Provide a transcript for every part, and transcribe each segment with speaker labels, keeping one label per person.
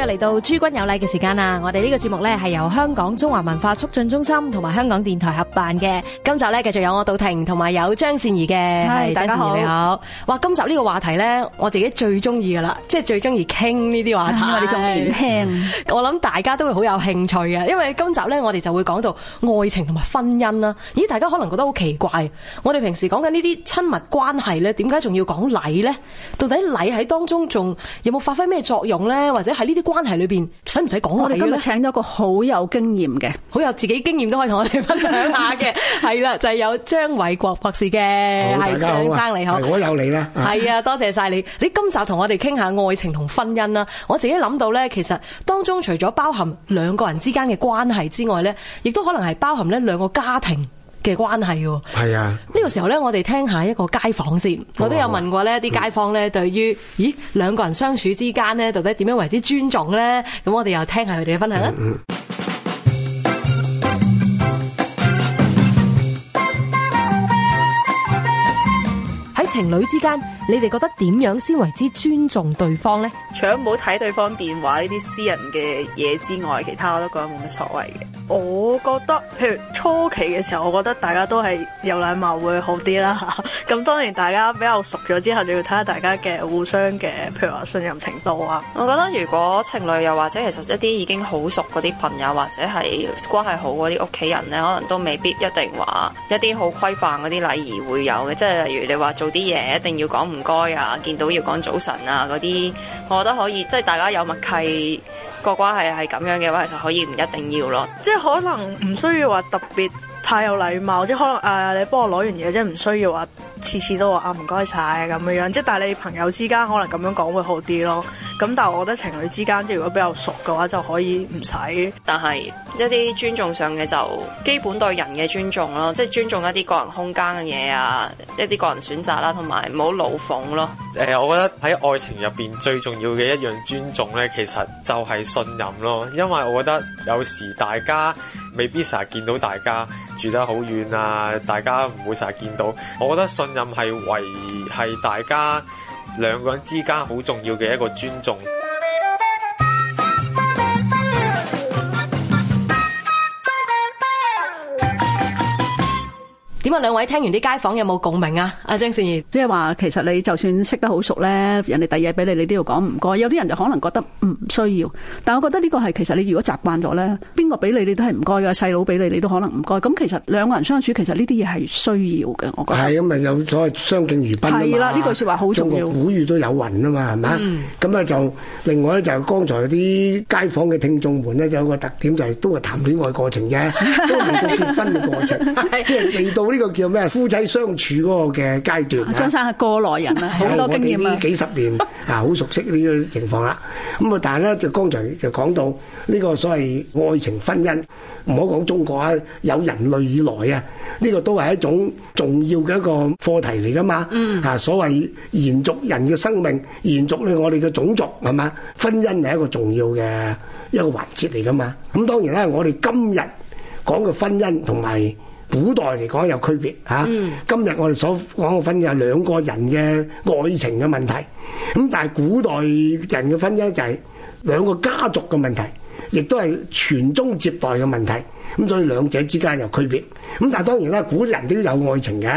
Speaker 1: 又嚟到諸君有禮嘅時間啦！我哋呢個節目呢，係由香港中華文化促進中心同埋香港電台合辦嘅。今集呢，繼續有我杜婷同埋有張善儀嘅。係大家好，你好。哇！今集呢個話題呢，我自己最中意噶啦，即係最中意傾呢啲話題。我哋中意我諗大家都會好有興趣嘅，因為今集呢，我哋就會講到愛情同埋婚姻啦。咦，大家可能覺得好奇怪，我哋平時講緊呢啲親密關係呢，點解仲要講禮呢？到底禮喺當中仲有冇發揮咩作用呢？或者喺呢啲？關係裏邊使唔使講？哦、我哋今日請
Speaker 2: 咗一個好有經驗嘅，
Speaker 1: 好的有自己經驗都可以同我哋分享下嘅，係啦， 就係、是、有張偉國博士嘅，係張好是生你好，是我
Speaker 3: 有你啦，係啊，
Speaker 1: 多謝晒你。 你今集同我哋傾下愛情同婚姻啦。我自己諗到呢，其實當中除咗包含兩個人之間嘅關係之外呢，亦都可能係包含呢兩個家庭。嘅關係喎，
Speaker 3: 係啊！
Speaker 1: 呢個時候咧，我哋聽下一個街坊先。哦哦、我都有問過呢啲街坊咧，對於、嗯、咦兩個人相處之間咧，到底點樣為之尊重咧？咁我哋又聽下佢哋嘅分享啦。喺、嗯嗯、情侶之間。你哋覺得點樣先為之尊重對方呢？
Speaker 4: 除咗冇睇對方電話呢啲私人嘅嘢之外，其他我都覺得冇乜所謂嘅。我覺得譬如初期嘅時候，我覺得大
Speaker 2: 家都係有禮貌會好啲啦。咁 當然大家比較熟咗之後，就要睇下大家嘅互相嘅，譬如話信任程度啊。
Speaker 4: 我覺得如果情侶又或者其實一啲已經好熟嗰啲朋友，或者係關係好嗰啲屋企人呢，可能都未必一定話一啲好規範嗰啲禮儀會有嘅。即係例如你話做啲嘢一定要講唔該啊，見
Speaker 1: 到要講早晨啊，嗰啲我覺得可以，即係大家有默契。個關係係咁樣嘅話，其實可以唔一定要咯，
Speaker 2: 即係可能唔需要話特別太有禮貌，即係可能、呃、你幫我攞完嘢、啊，即係唔需要話次次都話啊唔該曬咁樣，即係但你朋友之間可能咁樣講會好啲咯。咁但係我覺得情侶之間即係如果比較熟嘅話就可以唔使，
Speaker 1: 但係一啲尊重上嘅就基本對人嘅尊重咯，即係尊重一啲個人空間嘅嘢啊，一啲個人選擇啦，同埋唔好老馮咯、
Speaker 3: 呃。我覺得喺愛情入邊最重要嘅一樣尊重咧，其實就係、是。信任咯，因為我覺得有時大家未必成日見到，大家住得好遠啊，大家唔會成日見到。我覺得信任係維係大家兩個人之間好重要嘅一個尊重。
Speaker 2: 兩位聽完啲街坊有冇共鳴啊？阿張善宜，即係話其實你就算識得好熟咧，人哋遞嘢俾你，你都要講唔該。有啲人就可能覺得唔需要，但我覺得呢個係其實你如果習慣咗咧，邊個俾你你都係唔該嘅，細佬俾你你都可能唔該。咁其實兩個人相處其實呢
Speaker 3: 啲嘢係需要嘅，我覺得係咁咪有所謂相敬如賓。係啦，呢句説話好重要。中國古語都有云啊嘛，係嘛？咁啊、嗯、就另外咧就剛才啲街坊嘅聽眾們咧有個特點就係、是、都係談戀愛過程啫， 都未到結婚嘅過程，即係未到呢、這個。叫咩？夫妻相處嗰個嘅階段，張
Speaker 2: 生係過來人啊，好多經驗啊！幾
Speaker 3: 十年啊，好熟悉呢個情況啦。咁啊，但係咧，就剛才就講到呢個所謂愛情婚姻，唔好講中國啊，有人類以來啊，呢個都係一種重要嘅一個課題嚟噶嘛。嗯，啊所謂延續人嘅生命，延續你我哋嘅種族係嘛？婚姻係一個重要嘅一個環節嚟噶嘛。咁當然咧，我哋今日講嘅婚姻同埋古代嚟講有區別嚇，啊嗯、今日我哋所講嘅婚姻係兩個人嘅愛情嘅問題，咁、嗯、但係古代人嘅婚姻就係兩個家族嘅問題，亦都係傳宗接代嘅問題，咁、嗯、所以兩者之間有區別。咁、嗯、但係當然啦，古人都有愛情嘅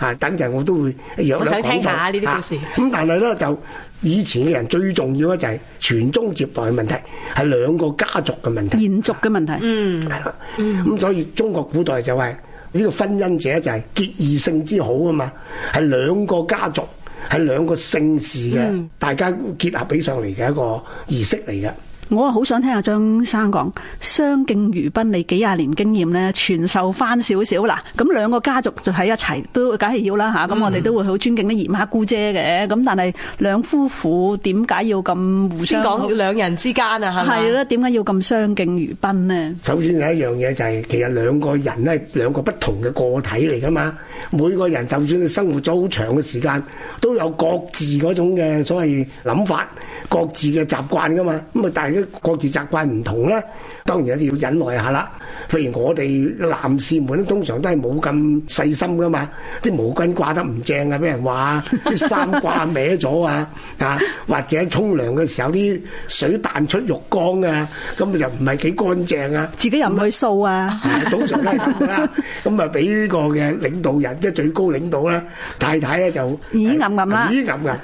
Speaker 3: 嚇、啊，等陣我都會約一一講到，我想聽下呢啲故事。咁、嗯、但係咧就以前嘅人最重要咧就係傳宗接代嘅問題，係兩個家族嘅問題，延續嘅問題，嗯，係啦、啊，咁、嗯嗯、所以中國古代就係、是。呢個婚姻者就係結二姓之好啊嘛，係兩個家族，係兩個姓氏嘅，大家結合起上嚟嘅一個儀式嚟嘅。
Speaker 2: 我好想聽阿張生講相敬如賓，你幾廿年經驗咧傳授翻少少嗱，咁兩個家族就喺一齊都梗係要啦吓，咁、啊、我哋都會好尊敬啲姨媽姑姐嘅，咁但係兩夫婦點解要咁互相？先講兩人之間啊，係咪？係啦，點解要咁相敬如賓呢？
Speaker 3: 首先係一樣嘢就係、是，其實兩個人咧兩個不同嘅個體嚟噶嘛，每個人就算你生活咗好長嘅時間，都有各自嗰種嘅所謂諗法，各自嘅習慣噶嘛，咁啊但係。各自習慣唔同啦，當然有啲要忍耐下啦。譬如我哋男士們咧，通常都係冇咁細心噶嘛，啲毛巾掛得唔正啊，俾人話；啲衫掛歪咗啊，啊或者沖涼嘅時候啲水彈出浴缸啊，咁啊就唔係幾乾淨啊，自己又唔去掃啊，通常都係咁啦。咁啊俾個嘅領導人即係最高領導啦，太太咧就咦撳撳啦，咦撳撳啊，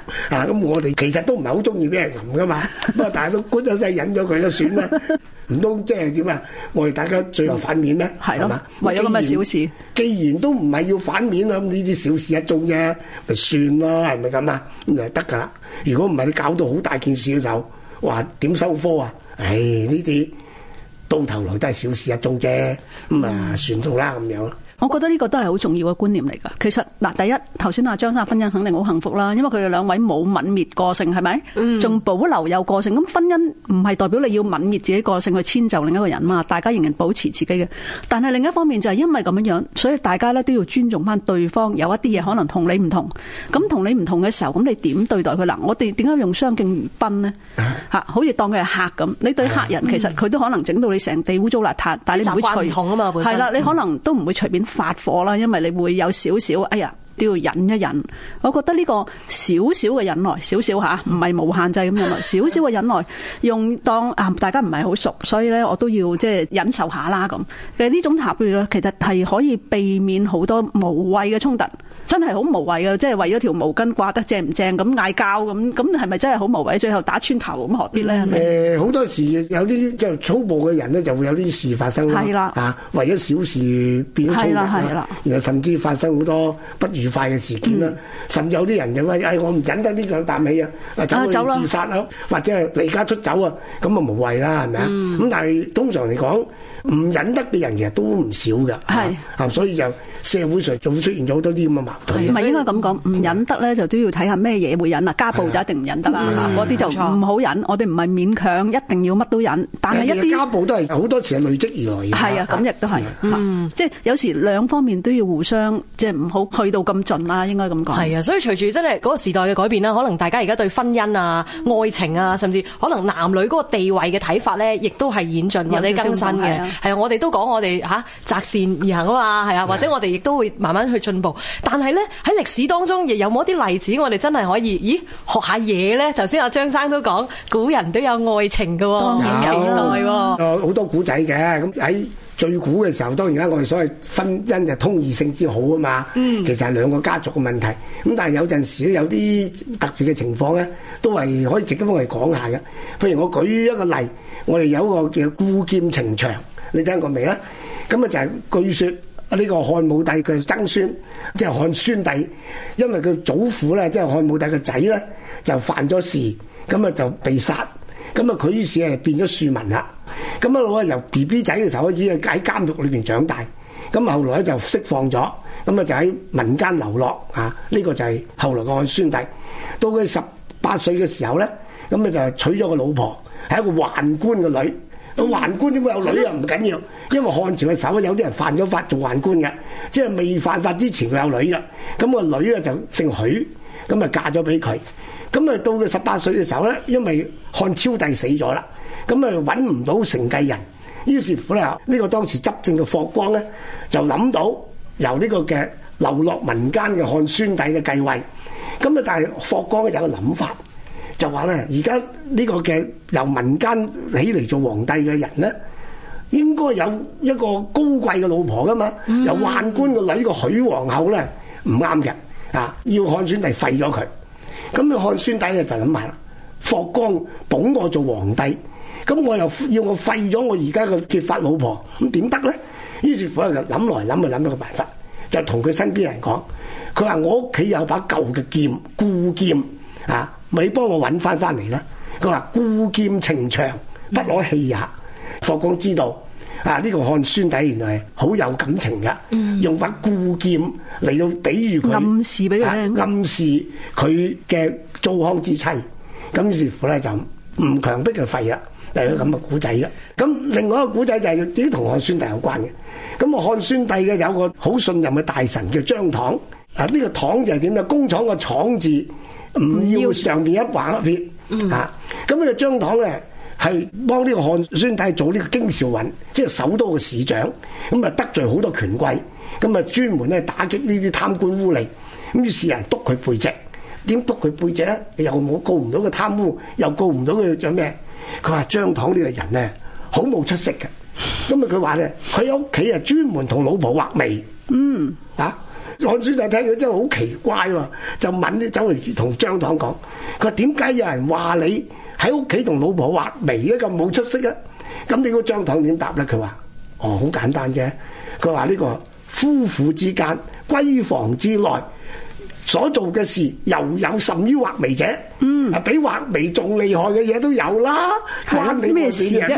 Speaker 3: 咁我哋其實都唔係好中意俾人撳噶嘛，不過大家都管咗曬人。咁 樣佢都算啦，唔通即係點啊？我哋大家最後反面咩？係啊嘛？嗯、吧為咗咁嘅小事既，既然都唔係要反面，咁呢啲小事一宗啫，咪算啦，係咪咁啊？咁就得噶啦。如果唔係你搞到好大件事嘅時候，話點收科啊？唉、哎，呢啲到頭來都係小事一宗啫，咁啊、嗯，算數啦，咁樣。
Speaker 2: 我覺得呢個都係好重要嘅觀念嚟㗎。其實嗱，第一頭先話張生婚姻肯定好幸福啦，因為佢哋兩位冇泯滅個性，係咪？仲、嗯、保留有個性，咁婚姻唔係代表你要泯滅自己個性去遷就另一個人嘛。嗯、大家仍然保持自己嘅。但係另一方面就係因為咁樣，所以大家咧都要尊重翻對方有一啲嘢可能同你唔同。咁同你唔同嘅時候，咁你點對待佢嗱，我哋點解用相敬如賓呢？吓，好似當佢係客咁。你對客人其實佢都可能整到你成地污糟邋遢，但係你唔會隨。習慣唔同嘛，本身。係啦，你可能都唔會隨便。發火啦，因為你會有少少，哎呀都要忍一忍。我覺得呢個少少嘅忍耐，少少吓，唔係無限制咁忍耐，少少嘅忍耐， 用當啊大家唔係好熟，所以咧我都要即係忍受下啦咁。其實呢種談判咧，其實係可以避免好多無謂嘅衝突。真係好無謂啊，即係為咗條毛巾掛得正唔正咁嗌交咁，咁係咪真係好無謂？最後打穿頭咁何必咧？誒、嗯，呃、
Speaker 3: 好多時有啲即係粗暴嘅人咧，就會有呢啲事發生啦。係啦的，啊，為咗小事變咗粗暴啦，然後甚至發生好多不愉快嘅事件啦。嗯、甚至有啲人就話、哎，我唔忍得呢兩啖氣啊，啊，走去自殺啊，或者係離家出走啊，咁啊無謂啦，係咪啊？咁、嗯、但係通常嚟講，唔忍得嘅人其實都唔少噶。係、啊，的啊，所以就。社會上就會出現咗好多呢咁嘅矛盾。唔係
Speaker 2: 應該咁講，唔忍得咧就都要睇下咩嘢會忍啦。家暴就一定唔忍得啦，嗰啲就唔好忍。我哋唔係勉強，一定要乜都忍。但係一啲家
Speaker 3: 暴都係好多時係累積而來嘅。係啊，咁
Speaker 2: 亦都係，即係有時兩方面都要互相，即係唔好去到咁盡啦。應該咁講。係啊，所以隨住真係嗰個時代嘅改變啦，可能大家而家
Speaker 1: 對婚姻啊、愛情啊，甚至可能男女嗰個地位嘅睇法咧，亦都係演進或者更新嘅。係啊，我哋都講我哋擇善而行啊嘛，係啊，或者我哋。亦都會慢慢去進步，但係咧喺歷史當中，亦有冇啲例子，我哋真係可以，咦，學下嘢咧？頭先阿張生都講，古人都有愛情噶、哦，當然期待、哦。
Speaker 3: 誒，好多古仔嘅。咁喺最古嘅時候，當然啦，我哋所謂婚姻就通二姓之好啊嘛。嗯，其實係兩個家族嘅問題。咁、嗯、但係有陣時咧，有啲特別嘅情況咧，都係可以值得我哋講下嘅。譬如我舉一個例，我哋有一個叫《孤劍情長》，你聽過未啊？咁啊就係據說。呢個漢武帝嘅曾孫，即係漢宣帝，因為佢祖父咧，即係漢武帝嘅仔咧，就犯咗事，咁啊就被殺，咁啊佢於是啊變咗庶民啦，咁啊我由 B B 仔嘅時候已經喺監獄裏邊長大，咁後，後，、這個、後來咧就釋放咗，咁啊就喺民間流落啊，呢個就係後來嘅漢宣帝，到佢十八歲嘅時候咧，咁咧就娶咗個老婆，係一個宦官嘅女。個宦官點會有女啊？唔緊要，因為漢朝嘅時候有啲人犯咗法做宦官嘅，即係未犯法之前佢有女啦。咁個女啊就姓許，咁啊嫁咗俾佢。咁啊到佢十八歲嘅時候咧，因為漢昭帝死咗啦，咁啊揾唔到承繼人，於是乎咧，呢個當時執政嘅霍光咧就諗到由呢個嘅流落民間嘅漢宣帝嘅繼位。咁啊但係霍光有個諗法。就話咧，而家呢個嘅由民間起嚟，做皇帝嘅人咧，應該有一個高貴嘅老婆噶嘛。嗯、由宦官個女個許皇后咧，唔啱嘅啊，要漢宣帝廢咗佢。咁你漢宣帝咧就諗埋啦，霍光捧我做皇帝，咁、嗯、我又要我廢咗我而家嘅結髮老婆，咁點得咧？於是乎就諗來諗去諗到個辦法，就同佢身邊人講，佢話我屋企有把舊嘅劍，故劍啊，咪幫我揾翻翻嚟啦！佢話故劍情長，不攞氣也。霍光知道啊，呢、這個漢宣帝原來好有感情嘅，嗯、用把故劍嚟到比喻佢暗示俾佢、啊，暗示佢嘅糟糠之妻。咁於是乎咧就唔強迫佢廢啦。就係咁嘅古仔㗎。咁另外一個古仔就係啲同漢宣帝有關嘅。咁漢宣帝嘅有個好信任嘅大臣叫張唐。啊，呢、這個唐就係點啊？工廠個廠字。唔要上面一畫一撇嚇，咁、嗯、啊張敞咧係幫呢個漢宣帝做呢個京兆尹，即係首都嘅市長。咁啊得罪好多權貴，咁啊專門咧打擊呢啲貪官污吏。咁啲市人督佢背脊，點督佢背脊咧？又冇告唔到佢貪污，又告唔到佢做咩？佢話張敞呢個人咧好冇出息嘅。咁啊佢話咧，佢喺屋企啊專門同老婆畫眉。嗯啊。我先就睇佢真係好奇怪喎，就問你走嚟同張堂講：佢話點解有人話你喺屋企同老婆畫眉都咁冇出息啊？咁你個張堂點答咧？佢話：哦，好簡單啫。佢話呢個夫婦之間，閨房之內。所做嘅事又有甚於畫眉者，嗯，啊，比畫眉仲厲害嘅嘢都有啦。畫眉咩事啊咧？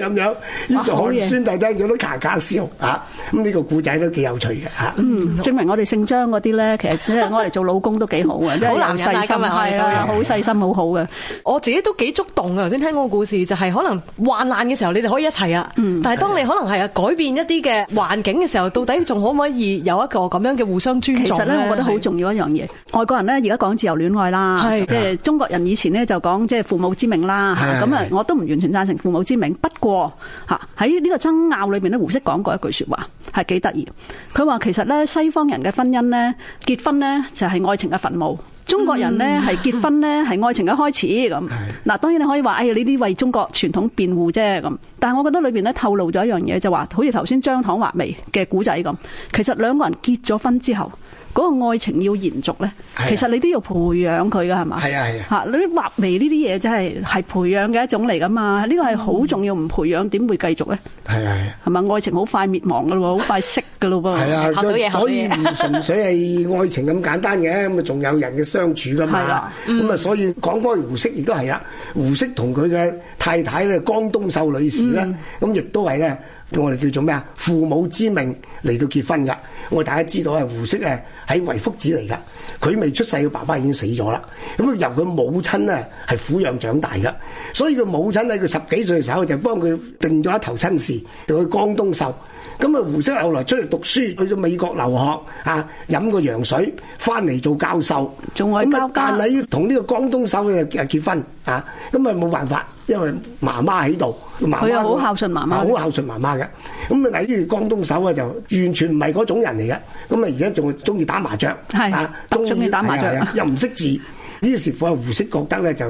Speaker 3: 咁樣於是可能孫大媽有啲咔咔笑嚇，咁呢個故仔都幾有趣嘅嚇。
Speaker 2: 證明我哋姓張嗰啲咧，其實你係愛嚟做老公都幾好嘅，即係好男人啦，係啊，好
Speaker 1: 細心，好好嘅。我自己都幾觸動嘅。頭先聽嗰個故事，就係可能患難嘅時候，你哋可以一齊啊。嗯，但係當你可能係啊改變一啲嘅環境嘅時候，到底仲可唔可以有一個
Speaker 2: 咁樣嘅互相尊重咧？我覺得好重要。樣嘢，外國人咧而家講自由戀愛啦，係即係中國人以前咧就講即係父母之命啦，咁啊我都唔完全贊成父母之命。不過吓喺呢個爭拗裏邊咧，胡適講過一句說話係幾得意。佢話其實咧西方人嘅婚姻咧結婚咧就係愛情嘅墳墓，中國人咧係結婚咧係愛情嘅開始咁。嗱，是當然你可以話哎呀呢啲為中國傳統辯護啫咁，但係我覺得裏邊咧透露咗一樣嘢，就話好似頭先張敞畫眉嘅古仔咁，其實兩個人結咗婚之後。嗰個愛情要延續咧，其實你都要培養佢嘅係嘛？係啊係啊嚇！你畫眉呢啲嘢真係係培養嘅一種嚟噶嘛？呢個係好重要，唔培養點會繼續咧？係係，係咪愛情好快滅亡嘅咯？好快熄嘅咯？係啊，所以唔純
Speaker 3: 粹係愛情咁簡單嘅，咁啊仲有人嘅相處㗎嘛？咁啊所以講講胡適亦都係啦，胡適同佢嘅太太咧江冬秀女士咧，咁亦都係咧。我哋叫做咩啊？父母之命嚟到結婚噶。我大家知道啊，胡適啊，係遺腹子嚟噶。佢未出世嘅爸爸已經死咗啦。咁啊由佢母親咧係撫養長大噶。所以佢母親喺佢十幾歲嘅時候就幫佢定咗一頭親事，就去江冬秀。咁啊胡適後來出嚟讀書，去咗美國留學啊，飲過洋水，翻嚟做教授。仲外交家。但係要同呢個江冬秀啊結婚啊，咁啊冇辦法，因為媽媽喺度。佢又好孝順媽媽，好孝順媽媽嘅。咁啊，例如江冬秀啊，就完全唔係嗰種人嚟嘅。咁是啊，而家仲中意打麻雀，啊，中意打麻雀，又唔識字。於是乎啊，胡適覺得咧就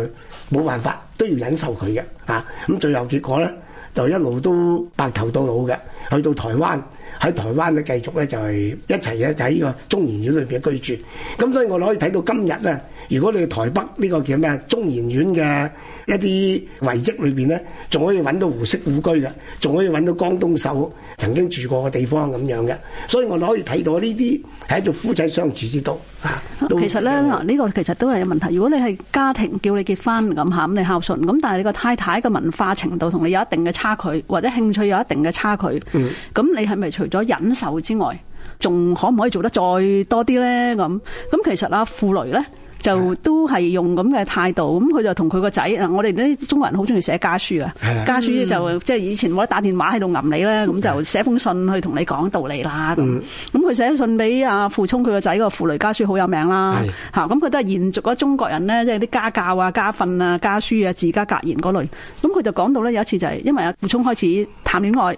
Speaker 3: 冇辦法，都要忍受佢嘅。啊，咁最後結果咧，就一路都白頭到老嘅。去到台灣，喺台灣咧繼續咧就係、是、一齊咧就喺呢個中研院裏邊居住。咁所以我哋可以睇到今日咧，如果你去台北呢、呢個叫咩中研院嘅。一啲遺跡裏面咧，仲可以揾到胡適故居嘅，仲可以揾到江冬秀曾經住過嘅地方咁樣嘅，所以我哋可以睇到呢啲係一種夫妻相處之道
Speaker 2: 啊。其實咧，呢以個其實都係有問題。如果你係家庭叫你結婚咁嚇，咁你孝順，咁但係你個太太嘅文化程度同你有一定嘅差距，或者興趣有一定嘅差距，咁、嗯、你係咪除咗忍受之外，仲可唔可以做得再多啲咧？咁咁其實阿、啊、傅雷咧？就都係用咁嘅態度，咁、嗯、佢就同佢個仔，我哋啲中國人好中意寫家書啊。的家書就即係、嗯、以前冇得打電話喺度吟你咧，咁就寫封信去同你講道理啦。咁咁佢寫信俾阿傅聰佢個仔，個傅雷家書好有名啦，嚇咁佢都係延續咗中國人咧，即係啲家教啊、家訓啊、家書啊、自家格言嗰類。咁佢就講到咧，有一次就係因為阿傅聰開始談戀愛。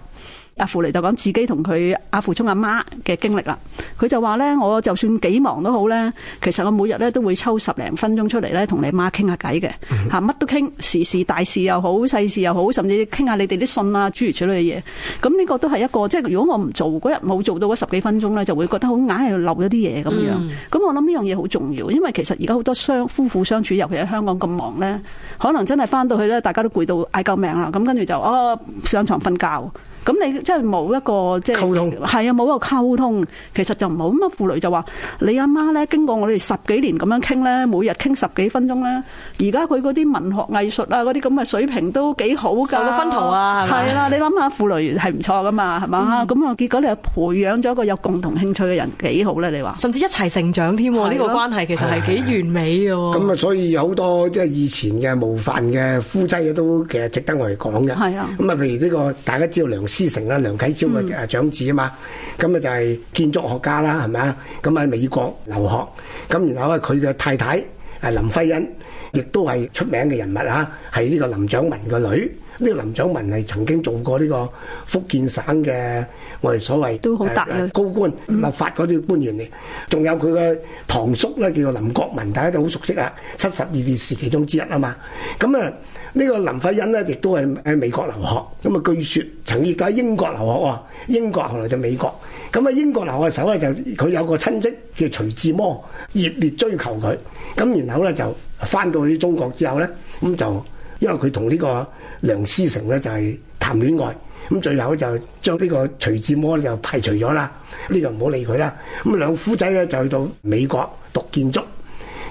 Speaker 2: 阿傅嚟就講自己同佢阿傅聰阿媽嘅經歷啦。佢就話咧，我就算幾忙都好咧，其實我每日咧都會抽十零分鐘出嚟咧，同你媽傾下偈嘅，吓乜都傾，時事大事又好，細事又好，甚至傾下你哋啲信啊、諸如此類嘅嘢。咁呢個都係一個，即係如果我唔做嗰日冇做到嗰十幾分鐘咧，就會覺得好硬係漏咗啲嘢咁樣。咁我諗呢樣嘢好重要，因為其實而家好多相夫婦相處，尤其喺香港咁忙咧，可能真係返到去咧，大家都攰到嗌救命啦。咁跟住就哦、啊、上床瞓覺。咁你即係冇一個即係係啊冇一個溝通，溝通其實就唔好咁啊。傅雷就話：你阿媽咧，經過我哋十幾年咁樣傾咧，每日傾十幾分鐘咧，而家佢嗰啲文學藝術啊，嗰啲咁嘅水平都幾好噶，受到薰陶啊，係啦，你諗下傅雷係唔錯噶嘛，係嘛？啊、嗯，咁啊，結果你又培養咗一個有共同興趣嘅人，幾好咧？你話甚至一齊成長添，
Speaker 1: 呢的個關係其實係幾
Speaker 3: 完美嘅。咁啊，所以好多即係以前嘅模範嘅夫妻都其實值得我哋講嘅。係啊的，咁啊，譬如呢、這個大家知道梁。思成啦，梁啟超嘅長子啊嘛，咁啊、嗯、就係建築學家啦，係咪啊？咁喺美國留學，咁然後咧佢嘅太太係林徽因，亦都係出名嘅人物啊，係呢個林長民嘅女。呢、這個林長民係曾經做過呢個福建省嘅我哋所謂都、啊、高官立法嗰啲官員嚟。仲、嗯、有佢嘅堂叔咧，叫做林國民，大家都好熟悉啊。七十二烈士其中之一啊嘛，咁啊。呢個林徽因咧，亦都係喺美國留學，咁啊據說曾亦喺英國留學喎，英國後來就美國。咁啊英國留學嘅時候咧，就佢有個親戚叫徐志摩，熱烈追求佢。咁然後咧就翻到去中國之後咧，咁就因為佢同呢個梁思成咧就係談戀愛，咁最後就將呢個徐志摩就排除咗啦，呢個唔好理佢啦。咁啊兩夫仔咧就去到美國讀建築，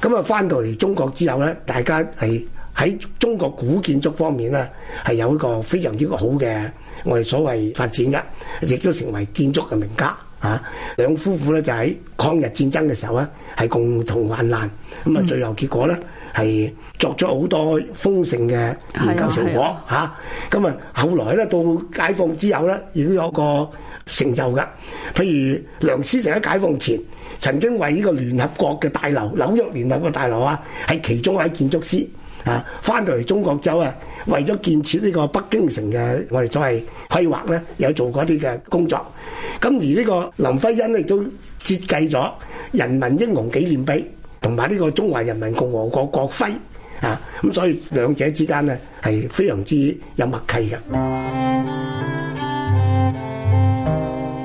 Speaker 3: 咁啊翻到嚟中國之後咧，大家係。喺中國古建築方面咧，係有一個非常之好嘅我哋所謂發展嘅，亦都成為建築嘅名家啊。兩夫婦咧就喺抗日戰爭嘅時候咧，係共同患難咁啊，嗯、最後結果咧係作咗好多豐盛嘅研究成果嚇。咁啊，啊，啊，後來咧到解放之後咧，亦都有一個成就㗎。譬如梁思成喺解放前曾經為呢個聯合國嘅大樓，紐約聯合國大樓啊，係其中一位建築師。啊！翻到嚟中國州啊，為咗建設呢個北京城嘅，我哋所謂規劃咧，有做嗰啲嘅工作。咁而呢個林徽因亦都設計咗人民英雄紀念碑同埋呢個中華人民共和國國徽啊，咁所以兩者之間咧係非常之有默契嘅。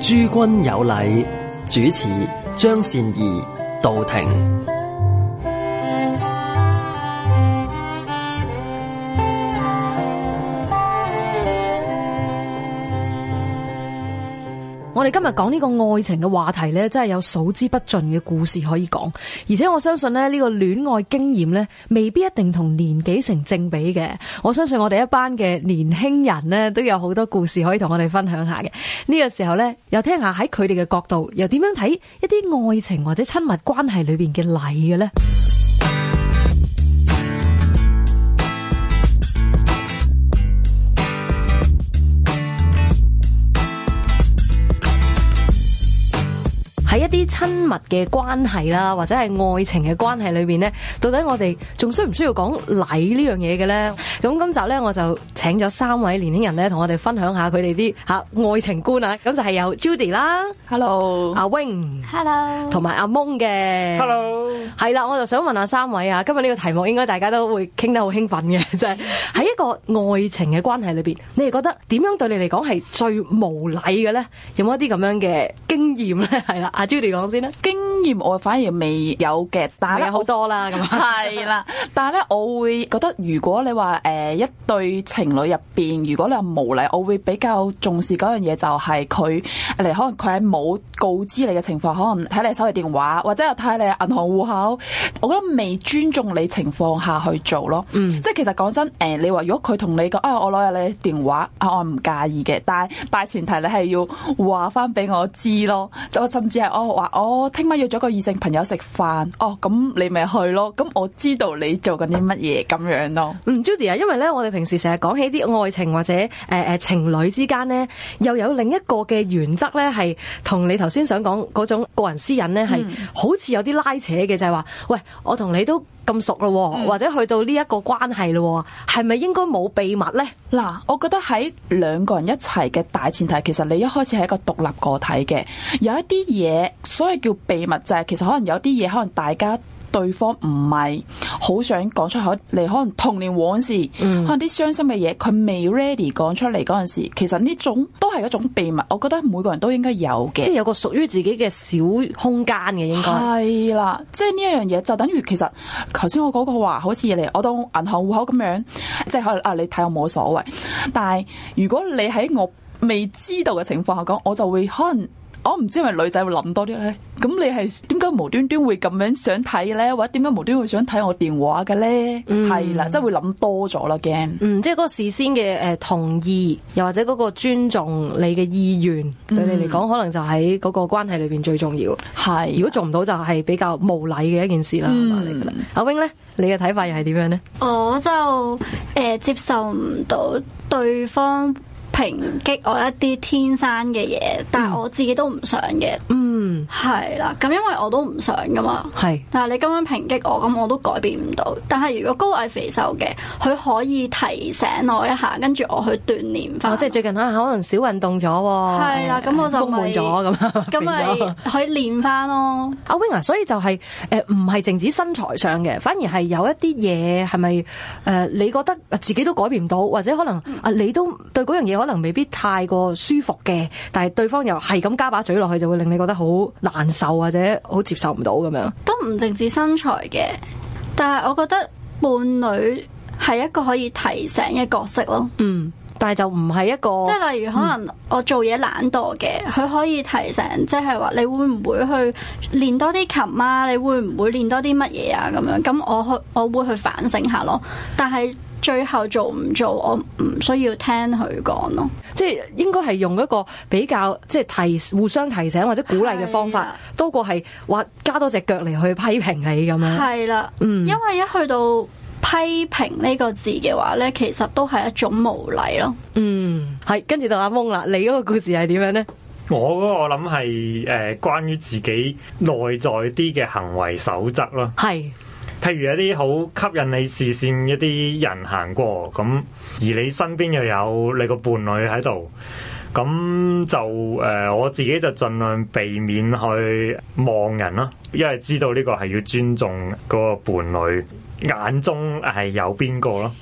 Speaker 3: 諸君有禮，主持
Speaker 5: 張善宜道庭。
Speaker 1: 我哋今日講呢個愛情嘅話題呢，真係有數之不盡嘅故事可以講，而且我相信咧呢個戀愛經驗呢，未必一定同年紀成正比嘅。我相信我哋一班嘅年輕人呢，都有好多故事可以同我哋分享一下嘅。呢、呢個時候呢，又聽一下喺佢哋嘅角度，又點樣睇一啲愛情或者親密關係裏邊嘅例嘅呢？喺一啲親密嘅關係啦，或者係愛情嘅關係裏邊呢，到底我哋仲需唔需要講禮呢樣嘢嘅呢？咁今集呢，我就請咗三位年輕人咧，同我哋分享下佢哋啲嚇愛情觀啊。咁就係有 Judy 啦，Hello，阿 Wing，Hello，同埋阿 Moon 嘅，Hello。係啦，我就想問下三位啊，今日呢個題目應該大家都會傾得好興奮嘅，就係喺一個愛情嘅關係裏邊，你哋覺得點樣對你嚟講係最無禮嘅呢？有冇一啲咁樣嘅經驗呢？係啦。阿 Judy 講先
Speaker 4: 啦，經驗我反而有的我未有嘅， 是的但係有好多啦咁。係啦，但係咧，我會覺得如果你話誒一對情侶入邊，如果你話無禮，我會比較重視嗰樣嘢，就係佢嚟，可能佢喺冇告知你嘅情況，可能睇你手提電話，或者又睇你銀行戶口，我覺得未尊重你情況下去做咯。嗯，即係其實講真，誒你話如果佢同你講啊、哎，我攞入你電話，我唔介意嘅，但係大前提你係要話翻俾我知咯，就甚至係。哦，話我聽晚約咗個異性朋友食飯，哦，咁你咪去咯。咁我知道你做緊啲乜嘢咁樣咯。
Speaker 1: 嗯，Judy 啊，因為咧，我哋平時成日講起啲愛情或者誒誒、呃、情侶之間咧，又有另一個嘅原則咧，係同你頭先想講嗰種個人私隱咧，係好似有啲拉扯嘅，就係、是、話，喂，我同你都。咁熟咯，嗯、或者去到
Speaker 4: 呢一個關係咯，係咪應該冇秘密呢？嗱、啊，我覺得喺兩個人一齊嘅大前提，其實你一開始係一個獨立個體嘅，有一啲嘢，所謂叫秘密就係、是、其實可能有啲嘢可能大家。對方唔係好想講出口，嚟，可能童年往事，嗯、可能啲傷心嘅嘢，佢未 ready 講出嚟嗰陣時，其實呢種都係一種秘密。我覺得每個人都應該有嘅，即係有個屬於自己嘅小空間嘅，應該係啦。即係呢一樣嘢就等於其實頭先我嗰個話，好似你我到銀行戶口咁樣，即係可能啊，你睇我冇所謂。但係如果你喺我未知道嘅情況下講，我就會可能。我唔知係咪女仔會諗多啲咧？咁你係點解無端端會咁樣想睇咧，或者點解無端會想睇我電話嘅咧？係啦、嗯，即係會諗多咗啦，驚。嗯，即係嗰個事先嘅誒，同意，又或者嗰個
Speaker 1: 尊重你嘅意願，嗯、對你嚟講可能就喺嗰個關係裏邊最重要。係的，如果做唔到就係比較無禮嘅一件事啦。嗯，吧嗯，阿 wing 咧，你嘅睇法又係點樣咧？
Speaker 5: 我就誒、呃、接受唔到對方。抨擊我一啲天生嘅嘢，但我自己都唔想嘅，嗯。嗯，係啦，咁因為我都唔想噶嘛，係的，但係你咁樣抨擊我，咁我都改變唔到。但係如果高矮肥瘦嘅，佢可以提醒我一下，跟住我去鍛煉。哦、啊，即係最近可
Speaker 1: 能少運動咗，係啦，
Speaker 5: 咁、嗯嗯、我就枯悶咗
Speaker 1: 咁，咁咪
Speaker 5: 可以練翻咯。
Speaker 1: 阿 wing 啊，所以就係、是、誒，唔係淨止身材上嘅，反而係有一啲嘢係咪誒，你覺得自己都改變唔到，或者可能啊，嗯、你都對嗰樣嘢，可能未必太過舒服嘅，但係對方又係咁加把嘴落去，就會令你覺得好。好難受或者好接受唔到咁樣，
Speaker 5: 都唔淨止身材嘅，但係我覺得伴侶係一個可以提醒嘅角色咯。嗯，但係就唔係一個，即係例如可能我做嘢懶惰嘅，佢、嗯、可以提醒，即係話你會唔會去練多啲琴啊？你會唔會練多啲乜嘢啊？咁樣咁，我去我會去反省下咯。但係。最後做唔做，我唔需要聽佢講咯。即係應該係用一個比較即係提互相提醒或者鼓勵嘅方法，是的多過係
Speaker 1: 話加多隻腳嚟,去批評你咁樣。係
Speaker 5: 啦的，嗯，因為一去到批評呢個字嘅話呢，其實都係一種無禮咯。嗯，係跟住到阿蒙啦，你嗰個故事係點樣呢？
Speaker 3: 我嗰個諗係誒，關於自己內在啲嘅行為守則咯。係。譬如有啲好吸引你視線一啲人行過咁，而你身邊又有你個伴侶喺度，咁就誒、呃，我自己就盡量避免去望人咯，因為知道呢個係要尊重嗰個伴侶。眼中係有邊個咯？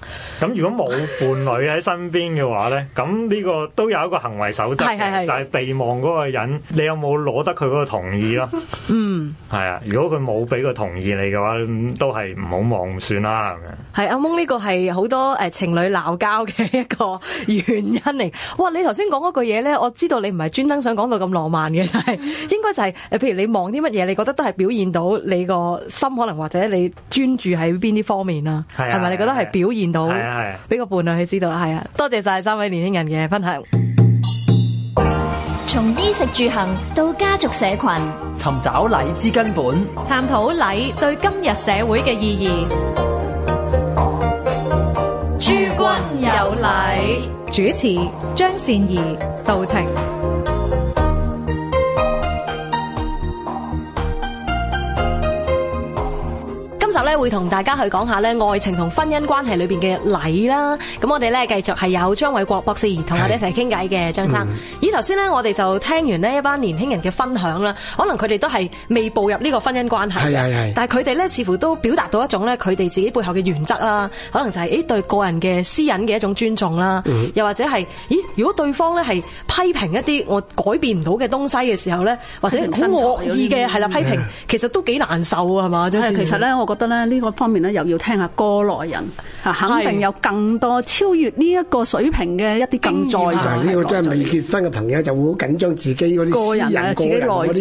Speaker 3: 咁如果冇伴侶喺身邊嘅話咧，咁呢個都有一個行為守則嘅， 就係備忘嗰個人。你有冇攞得佢嗰個同意咯？ 嗯，係啊。如果佢冇俾佢同意你嘅話都係唔好望算啦。
Speaker 1: 係阿蒙呢個係好多誒情侶鬧交嘅一個原因嚟。哇！你頭先講嗰句嘢咧，我知道你唔係專登想講到咁浪漫嘅，但係應該就係、是、誒，譬如你望啲乜嘢，你覺得都係表現到你個心可能或者你專注喺邊。邊啲方面啊？係咪你覺得係表現到？係啊係，俾個伴侶佢知道。係啊，多謝晒三位年輕人嘅分享。從衣食住行到家族社群，
Speaker 6: 尋找
Speaker 5: 禮之根本，
Speaker 1: 探討禮對今日社會嘅意義。諸君有禮。主持：張善儀，杜婷。咧會同大家去講下咧愛情同婚姻關係裏邊嘅禮啦。咁我哋咧繼續係有張偉國博士同我哋一齊傾偈嘅張生。是嗯、咦頭先咧我哋就聽完呢一班年輕人嘅分享啦，可能佢哋都係未步入呢個婚姻關係，是是是，但係佢哋咧似乎都表達到一種咧佢哋自己背後嘅原則啦。可能就係咦對個人嘅私隱嘅一種尊重啦，嗯、又或者係咦如果對方咧係批評一啲我改變唔到嘅東西嘅時候咧，或者好惡意嘅係啦批評、批評
Speaker 2: 的其實都幾難受啊，係嘛？其實咧我覺得。呢個方面咧又要聽下過來人，嚇是肯定有更多超越呢一個水平嘅一啲更在。呢個真係未
Speaker 3: 結婚嘅朋友就會好緊張自己嗰啲私人、個人啲、啊、秘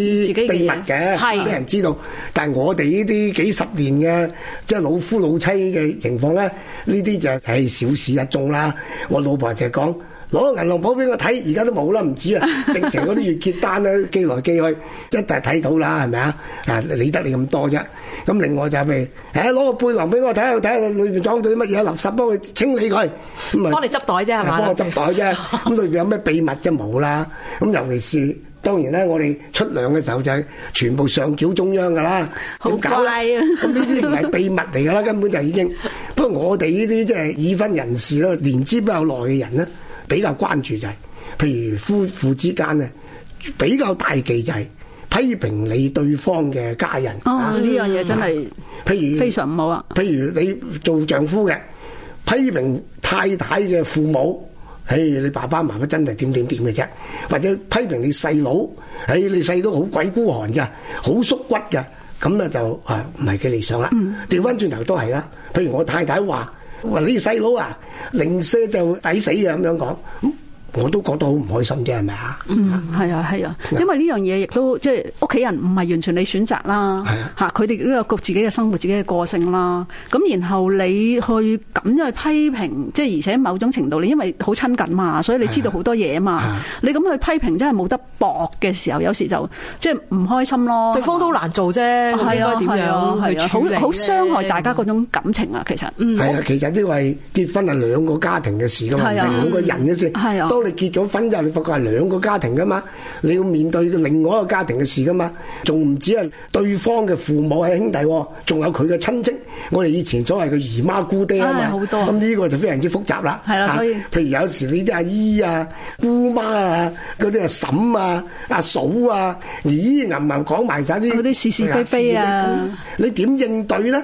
Speaker 3: 密嘅，啲人知道。是但係我哋呢啲幾十年嘅即係老夫老妻嘅情況咧，呢啲就係小事一宗啦。我老婆就係講。攞個銀行簿俾我睇，而家都冇啦，唔止啦，直情嗰啲月結單咧，寄 來寄去，一定睇到啦，係咪啊？啊，理得你咁多啫。咁另外就係、是、咩？誒、哎，攞個背囊俾我睇下，睇下裏邊裝到啲乜嘢垃圾，幫佢清理佢。咁啊，幫你
Speaker 1: 執袋啫係嘛？幫我執
Speaker 3: 袋啫。咁裏邊有咩秘密啫？冇啦。咁尤其是當然咧，我哋出糧嘅時候就係全部上繳中央噶啦。好乖啊！咁呢啲唔係秘密嚟㗎啦，根本就已經。 不過我哋呢啲即係已婚人士咯，年資比較耐嘅人咧。比較關注就係，譬如夫婦之間咧，比較大忌就係批評你對方嘅家人。哦，呢樣嘢真係譬如非常唔好啊！譬如你做丈夫嘅批評太太嘅父母，誒你爸爸媽媽真係點點點嘅啫，或者批評你細佬，誒你細佬好鬼孤寒㗎，好縮骨㗎，咁咧就啊唔係幾理想啦。調翻轉頭都係啦，譬如我太太話。話你細佬啊，零舍就抵死啊，咁樣講。嗯我都覺得好唔開心啫，係咪啊？嗯，
Speaker 2: 係啊，係啊，因為呢樣嘢亦都即係屋企人唔係完全你選擇啦。係佢哋都有個自己嘅生活、自己嘅個性啦。咁然後你去咁樣去批評，即係而且某種程度你因為好親近嘛，所以你知道好多嘢嘛。你咁去批評真係冇得搏嘅時候，有時就即係唔開心咯。對方都
Speaker 3: 難做啫，係啊，點樣去處理好好傷害大家嗰種感情啊，其實。嗯。係啊，其實因為結婚係兩個家庭嘅事㗎嘛，兩個人係啊。我哋結咗婚就，你發覺係兩個家庭噶嘛，你要面對另外一個家庭嘅事噶嘛，仲唔止係對方嘅父母係兄弟，仲有佢嘅親戚。我哋以前所謂嘅姨媽姑爹啊嘛，好多，咁呢、啊、個就非常之複雜啦。係啦，所以、啊、譬如有時呢啲阿姨啊、姑媽啊、嗰啲阿嬸啊、阿嫂啊、姨姨，吟吟講埋曬啲，嗰啲是是非非啊，啊你點應對咧？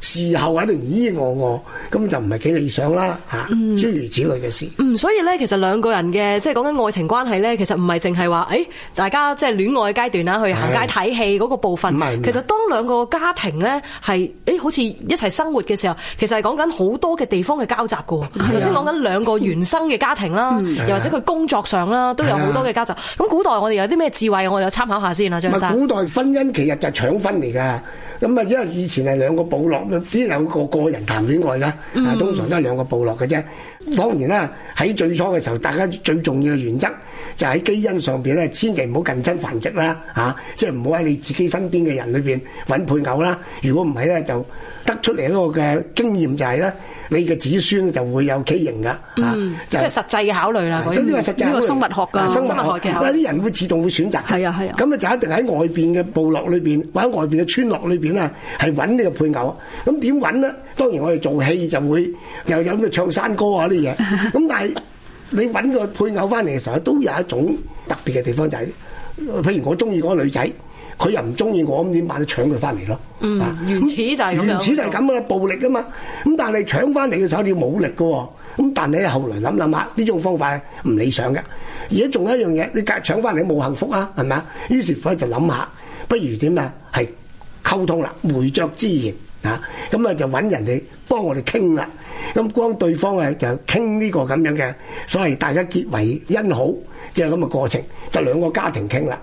Speaker 3: 事後喺度依依我我，咁就唔係幾理想啦，吓、嗯，諸如此類嘅事嗯。
Speaker 1: 嗯，所以咧，其實兩個人嘅即係講緊愛情關係咧，其實唔係淨係話誒，大家即係戀愛階段啦，去行街睇戲嗰個部分。唔係唔係其實當兩個家庭咧係誒，好似一齊生活嘅時候，其實係講緊好多嘅地方嘅交集噶。頭先講緊兩個原生嘅家庭啦，嗯、又或者佢工作上啦，都有好多嘅交集。咁古代我哋有啲咩智慧，我哋參考下先啦，張生。古
Speaker 3: 代婚姻其實就係搶婚嚟噶。咁啊，因為以前係兩個部落，啲有個個人談戀愛㗎，嗯啊，通常都係兩個部落嘅啫。當然啦，喺最初嘅時候，大家最重要嘅原則就喺基因上邊咧，千祈唔好近親繁殖啦，吓、啊，即係唔好喺你自己身邊嘅人裏邊揾配偶啦。如果唔係咧，就得出嚟一個嘅經驗就係、是、咧，你嘅子孫就會有畸形噶吓、啊就是嗯，即係
Speaker 1: 實際嘅考慮啦。呢個實際呢個生物學噶，生物學嘅啲人
Speaker 3: 會自動會選擇係啊係啊，咁啊就一定喺外邊嘅部落裏邊，或者外邊嘅村落裏邊啊，係揾呢個配偶。咁點揾咧？當然我哋做戲就會又有咁嘅唱山歌啊呢。咁 但係你揾個配偶翻嚟嘅時候，都有一種特別嘅地方，就是，
Speaker 6: 就
Speaker 3: 係譬如我中意嗰個女仔，佢又唔中意我，點辦？你搶佢翻嚟咯。嗯，
Speaker 1: 啊、原始就係咁樣。原始就係咁
Speaker 3: 啊，暴力啊嘛。咁但係搶翻嚟嘅時候要武力嘅喎、哦。咁但係後來諗諗下，呢種方法唔理想嘅。而家仲有一樣嘢，你夾搶翻嚟冇幸福啊，係咪啊？於是乎就諗下，不如點啊？係溝通啦，媒妁之言。咁啊就揾人哋幫我哋傾啦，咁光對方啊就傾呢個咁樣嘅，所謂大家結為姻好嘅咁嘅過程，就兩個家庭傾啦。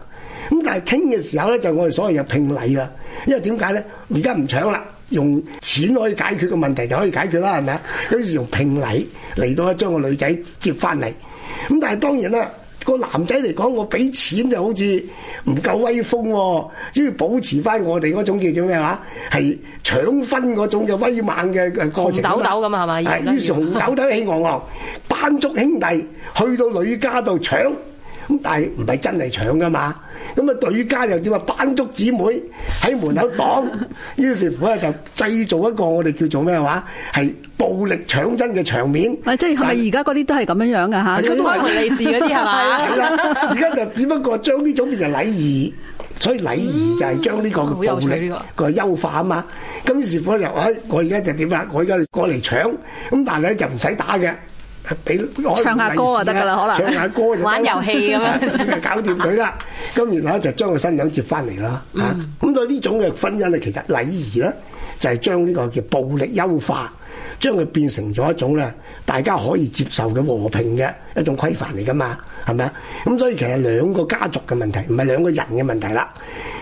Speaker 3: 咁但係傾嘅時候咧，就我哋所謂嘅聘禮啦。因為點解咧？而家唔搶啦，用錢可以解決嘅問題就可以解決啦，係咪啊？於是用聘禮嚟到咧，將個女仔接翻嚟。咁但係當然啦。個男仔嚟講，我俾錢就好似唔夠威風、哦，只要保持翻我哋嗰種叫做咩話，係搶婚嗰種嘅威猛嘅誒過程啦。紅豆豆咁啊，係咪行？於是紅豆豆氣昂昂， 班竹兄弟去到女家度搶。咁但係唔係真嚟搶噶嘛？咁啊對家又點啊？班竹姊妹喺門口擋，於是乎咧就製造一個我哋叫做咩話係暴力搶真嘅場面。咪即係而家嗰啲都係咁樣樣㗎吓，你都係利是嗰啲係嘛？而家就只不過將呢種變成禮儀，所以禮儀就係將呢個嘅暴力個優化啊嘛。咁於是乎就話我而家就點啊？我而家過嚟搶，咁但係咧就唔使打嘅。俾、啊、唱下歌就得噶啦，可能唱下歌就了玩遊戲咁樣， 搞掂佢啦。咁 然後就將個新娘接翻嚟啦。嚇、嗯，咁到呢種嘅婚姻咧，其實禮儀咧就係將呢個叫暴力優化。將佢變成咗一種咧，大家可以接受嘅和平嘅一種規範嚟噶嘛，係咪啊？咁所以其實兩個家族嘅問題，唔係兩個人嘅問題啦。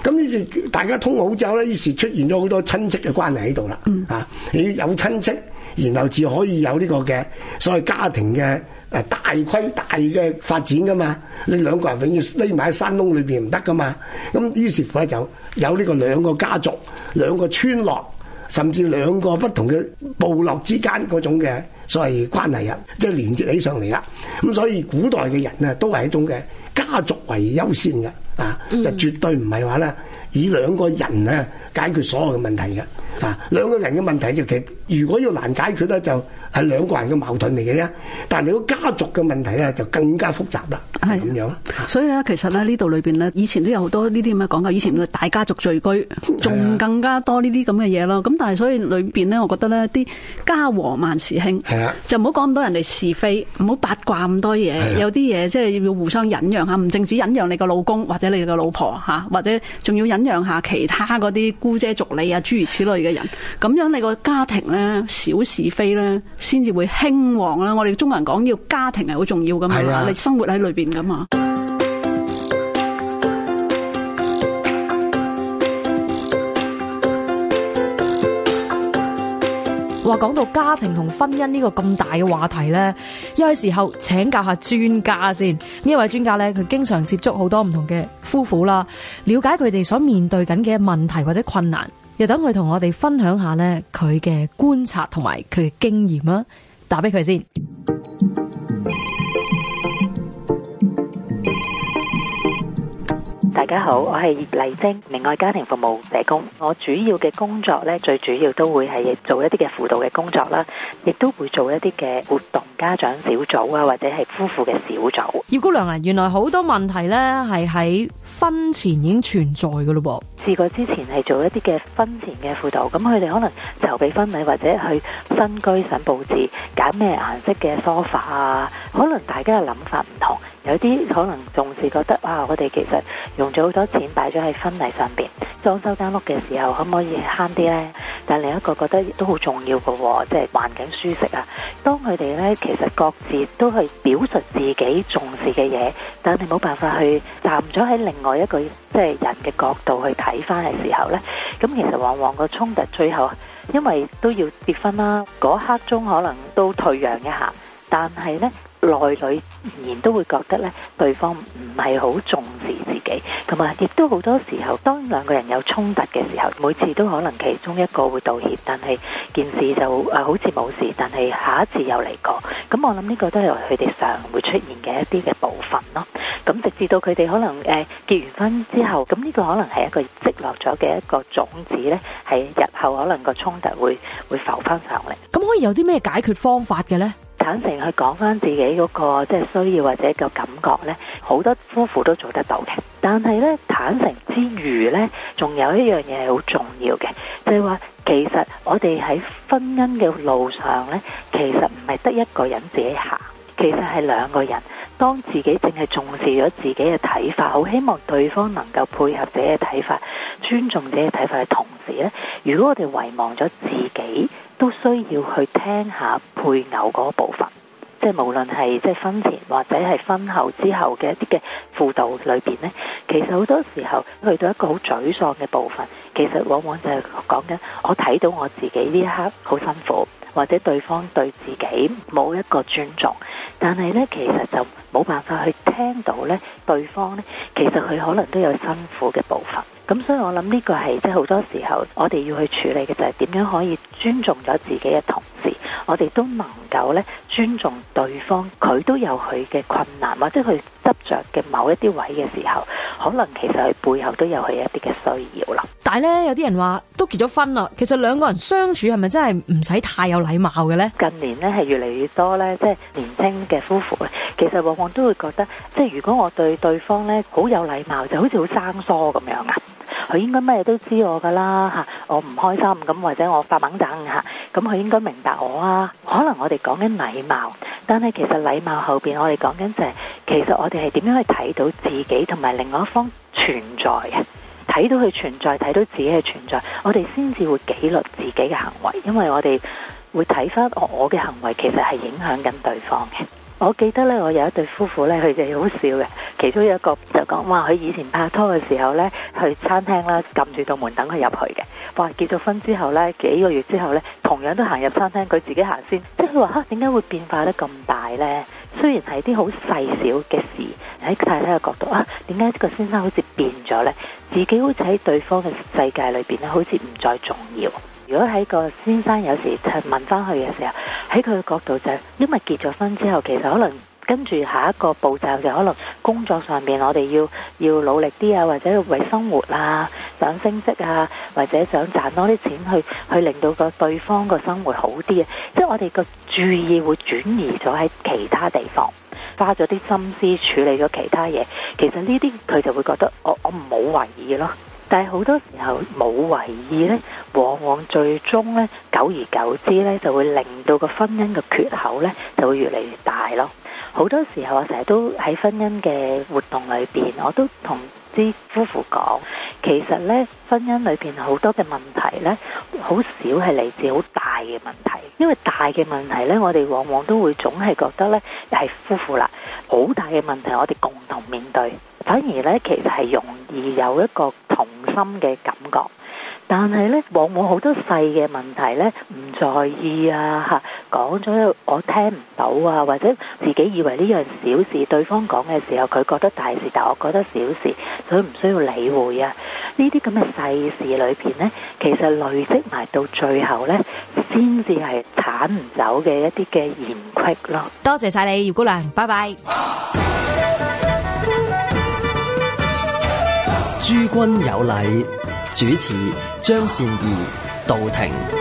Speaker 3: 咁於是大家通好之後咧，於是出現咗好多親戚嘅關係喺度啦。嗯、啊，你有親戚，然後至可以有呢個嘅所謂家庭嘅誒大規大嘅發展噶嘛？你兩個人永遠匿埋喺山窿裏邊唔得噶嘛？咁於是乎咧就有呢個兩個家族、兩個村落。甚至兩個不同嘅部落之間嗰種嘅所謂關係啊，即係連結起上嚟啦。咁所以古代嘅人啊，都係一種嘅家族為優先嘅啊，就絕對唔係話咧以兩個人咧解決所有嘅問題嘅啊，兩個人嘅問題就係，其實如果要難解決咧就。係兩個人嘅矛盾嚟嘅啫，但係你個家族嘅問題咧，就更加複雜啦，
Speaker 2: 咁的樣。所以咧，其實咧呢度裏邊咧，以前都有好多呢啲咁嘅講究。以前大家族聚居，仲的更加多呢啲咁嘅嘢咯。咁的但係所以裏邊咧，我覺得咧，啲家和萬事興，的就唔好講咁多人哋是非，唔好八卦咁多嘢。是的有啲嘢即係要互相忍讓下，唔淨止忍讓你個老公或者你個老婆吓，或者仲要忍讓下其他嗰啲姑姐族你啊，諸如此類嘅人。咁的樣你個家庭咧，少是非咧，先至會興旺啦！我哋中國人講，要家庭係好重要噶嘛，吧你生活喺裏邊噶嘛。
Speaker 1: 話講到家庭同婚姻呢個咁大嘅話題咧，有嘅時候請教下專家先。呢一位專家咧，佢經常接觸好多唔同嘅夫婦啦，了解佢哋所面對緊嘅問題或者困難。又等佢同我哋分享下咧，佢嘅觀察同埋佢嘅經驗啦，打俾佢先。
Speaker 6: 大家好，我係葉麗晶，明愛家庭服務社工。我主要嘅工作呢，最主要都會係做一啲嘅輔導嘅工作啦，亦都會做一啲嘅活動家長小組啊，或者係夫婦嘅小組。
Speaker 1: 葉姑娘啊，原來好多問題呢係喺婚前已經存在噶咯喎。
Speaker 6: 試過之前係做一啲嘅婚前嘅輔導，咁佢哋可能籌備婚禮或者去新居省布置，揀咩顏色嘅梳化啊，可能大家嘅諗法唔同。有啲可能仲係覺得，哇！我哋其實用咗好多錢擺咗喺婚禮上面裝修間屋嘅時候，可唔可以慳啲呢？但另一個覺得都好重要嘅喎，即係環境舒適啊。當佢哋呢，其實各自都係表述自己重視嘅嘢，但係冇辦法去站咗喺另外一個即係人嘅角度去睇翻嘅時候呢。咁其實往往個衝突最後，因為都要結婚啦，嗰刻中可能都退讓一下，但係呢。內裏仍然都會覺得咧，對方唔係好重視自己，同埋亦都好多時候，當兩個人有衝突嘅時候，每次都可能其中一個會道歉，但係件事就誒好似冇事，但係下一次又嚟過，咁我諗呢個都係佢哋常會出現嘅一啲嘅部分咯。咁直至到佢哋可能誒結完婚之後，咁呢個可能係一個積落咗嘅一個種子，呢係日後可能個衝突會會浮翻上嚟。
Speaker 1: 咁可以有啲咩解決方法嘅呢？
Speaker 6: 坦誠去講翻自己嗰個即係需要或者個感覺咧，好多夫婦都做得到嘅。但係呢，坦誠之餘呢，仲有一樣嘢係好重要嘅，就係話其實我哋喺婚姻嘅路上呢，其實唔係得一個人自己行，其實係兩個人。當自己淨係重視咗自己嘅睇法，好希望對方能夠配合自己嘅睇法，尊重自己嘅睇法嘅同時呢，如果我哋遺忘咗自己，都需要去聽下配偶嗰部分，即係無論係即係婚前或者係婚後之後嘅一啲嘅輔導裏邊呢，其實好多時候去到一個好沮喪嘅部分，其實往往就係講緊我睇到我自己呢一刻好辛苦，或者對方對自己冇一個尊重。但係咧，其實就冇辦法去聽到咧，對方咧，其實佢可能都有辛苦嘅部分。咁所以我諗呢個係即係好多時候，我哋要去處理嘅就係點樣可以尊重咗自己嘅同時，我哋都能夠咧尊重對方，佢都有佢嘅困難或者佢執著嘅某一啲位嘅時候。可能其實佢背後都有佢一啲嘅需要啦。
Speaker 1: 但係咧，有啲人話都結咗婚啦，其實兩個人相處係咪
Speaker 6: 真係唔使太有禮貌嘅咧？近年咧係越嚟越多咧，即係年輕嘅夫婦啊，其實往往都會覺得，即係如果我對對方咧好有禮貌，就好似好生疏咁樣啊。佢應該乜嘢都知我噶啦吓，我唔開心咁或者我發掹掹嚇，咁佢應該明白我啊。可能我哋講緊禮貌，但係其實禮貌後邊，我哋講緊就係，其實我哋係點樣去睇到自己同埋另外一方存在嘅？睇到佢存在，睇到自己嘅存在，我哋先至會紀律自己嘅行為，因為我哋會睇翻我嘅行為其實係影響緊對方嘅。我記得咧，我有一對夫婦咧，佢哋好笑嘅，其中有一個就講話佢以前拍拖嘅時候咧，去餐廳啦，撳住道門等佢入去嘅，話結咗婚之後咧，幾個月之後咧，同樣都行入餐廳，佢自己行先走，即係佢話嚇點解會變化得咁大咧？雖然係啲好細小嘅事，喺太太嘅角度啊，點解個先生好似變咗咧？自己好似喺對方嘅世界裏邊咧，好似唔再重要。如果喺個先生有時問翻佢嘅時候，喺佢嘅角度就係，因為結咗婚之後，其實可能跟住下一個步驟就可能工作上面我哋要要努力啲啊，或者為生活啊想升職啊，或者想賺多啲錢去去令到個對方個生活好啲啊，即係我哋個注意會轉移咗喺其他地方，花咗啲心思處理咗其他嘢。其實呢啲佢就會覺得我我唔好懷疑咯。但係好多時候冇為意呢，往往最終呢，久而久之呢，就會令到個婚姻嘅缺口呢就會越嚟越大咯。好多時候我成日都喺婚姻嘅活動裏邊，我都同啲夫婦講，其實呢，婚姻裏邊好多嘅問題呢，好少係嚟自好大嘅問題，因為大嘅問題呢，我哋往往都會總係覺得呢，係夫婦啦，好大嘅問題，我哋共同面對。反而咧，其實係容易有一個同心嘅感覺，但係咧，往往好多細嘅問題咧，唔在意啊吓，講咗我聽唔到啊，或者自己以為呢樣小事，對方講嘅時候，佢覺得大事，但我覺得小事，所以唔需要理會啊。呢啲咁嘅細事裏邊咧，其實累積埋到最後咧，先至係鏟唔走嘅一啲嘅嫌隙咯。多謝晒你，葉姑娘，拜拜。
Speaker 5: 諸君有禮，主持張善宜道庭。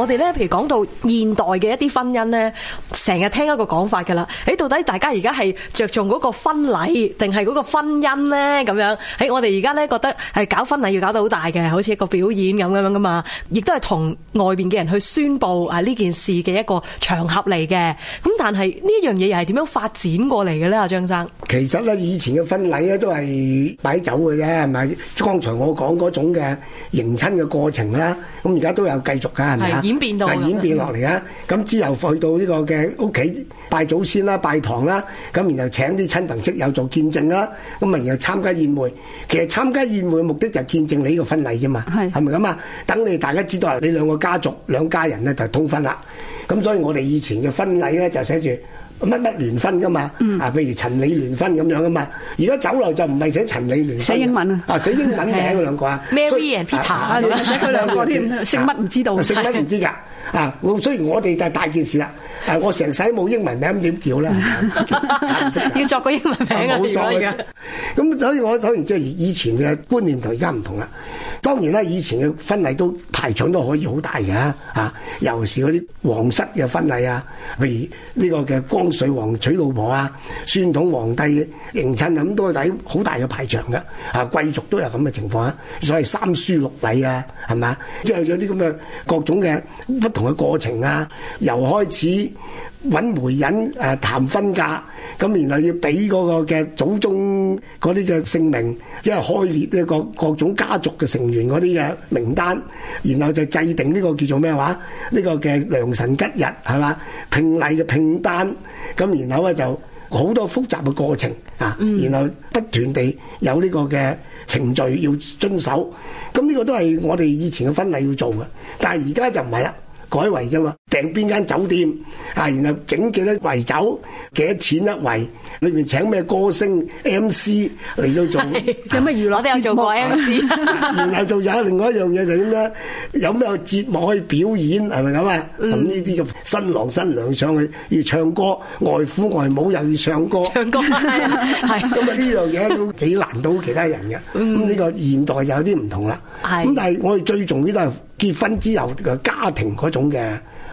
Speaker 1: 我哋咧，譬如講到現代嘅一啲婚姻咧，成日聽一個講法㗎啦。誒，到底大家而家係着重嗰個婚禮定係嗰個婚姻咧？咁樣，誒，我哋而家咧覺得係搞婚禮要搞到好大嘅，好似一個表演咁樣㗎嘛。亦都係同外面嘅人去宣布啊呢件事嘅一個場合嚟嘅。咁但係呢樣樣嘢又係點樣發展過嚟嘅咧？阿張生，
Speaker 3: 其實咧以前嘅婚禮咧都係擺酒嘅啫，係咪？剛才我講嗰種嘅迎親嘅過程啦，咁而家都有繼續㗎，係咪啊？變演變演變落嚟啊。咁之後去到呢個嘅屋企拜祖先啦、拜堂啦，咁然後請啲親朋戚友做見證啦，咁啊然後參加宴會。其實參加宴會嘅目的就係見證你呢個婚禮啫嘛，係咪咁啊？等你大家知道，你兩個家族兩家人咧就通婚啦。咁所以我哋以前嘅婚禮咧就寫住乜乜聯婚噶嘛？啊，譬如陳李聯婚咁樣噶嘛。而家酒樓就唔係寫陳李聯，寫英文啊？啊，寫英文名嗰兩個啊咩啊 Peter 寫佢兩個添，姓乜唔知道。姓乜唔知㗎？啊，我雖然我哋就係大件事啦，誒，我成世冇英文名點叫啦？要作個英文名啊！咁所以我講然，即係以前嘅觀念同而家唔同啦。當然啦，以前嘅婚禮都排場都可以好大嘅啊，尤其是嗰啲皇室嘅婚禮啊，譬如呢個嘅光水王娶老婆啊，宣統皇帝迎親啊，咁都係好大嘅排場嘅，啊，貴族都有咁嘅情況啊，所謂三書六禮啊，係嘛，即係有啲咁嘅各種嘅不同嘅過程啊，由開始。揾媒人誒談婚嫁，咁然後要俾嗰個嘅祖宗嗰啲嘅姓名，即係開列咧各各種家族嘅成員嗰啲嘅名單，然後就制定呢個叫做咩話？呢、這個嘅良辰吉日係嘛？聘禮嘅聘單，咁然後咧就好多複雜嘅過程啊，然後不斷地有呢個嘅程序要遵守，咁、這、呢個都係我哋以前嘅婚禮要做嘅，但係而家就唔係啦。改為啫嘛，訂邊間酒店啊，然後整幾多圍酒，幾多錢一圍，裏面請咩歌星 M C 嚟到做，有咩娛樂都有做過 M C，然後仲有另外一樣嘢就點樣，有咩節目可以表演，係咪咁啊？咁呢啲咁新郎新娘上去要唱歌，外父外母又要唱歌，唱歌係啊，咁啊呢樣嘢都幾難到其他人嘅。咁呢個現代有啲唔同啦。咁但係我哋最重要都係。結婚之後嘅家庭嗰種嘅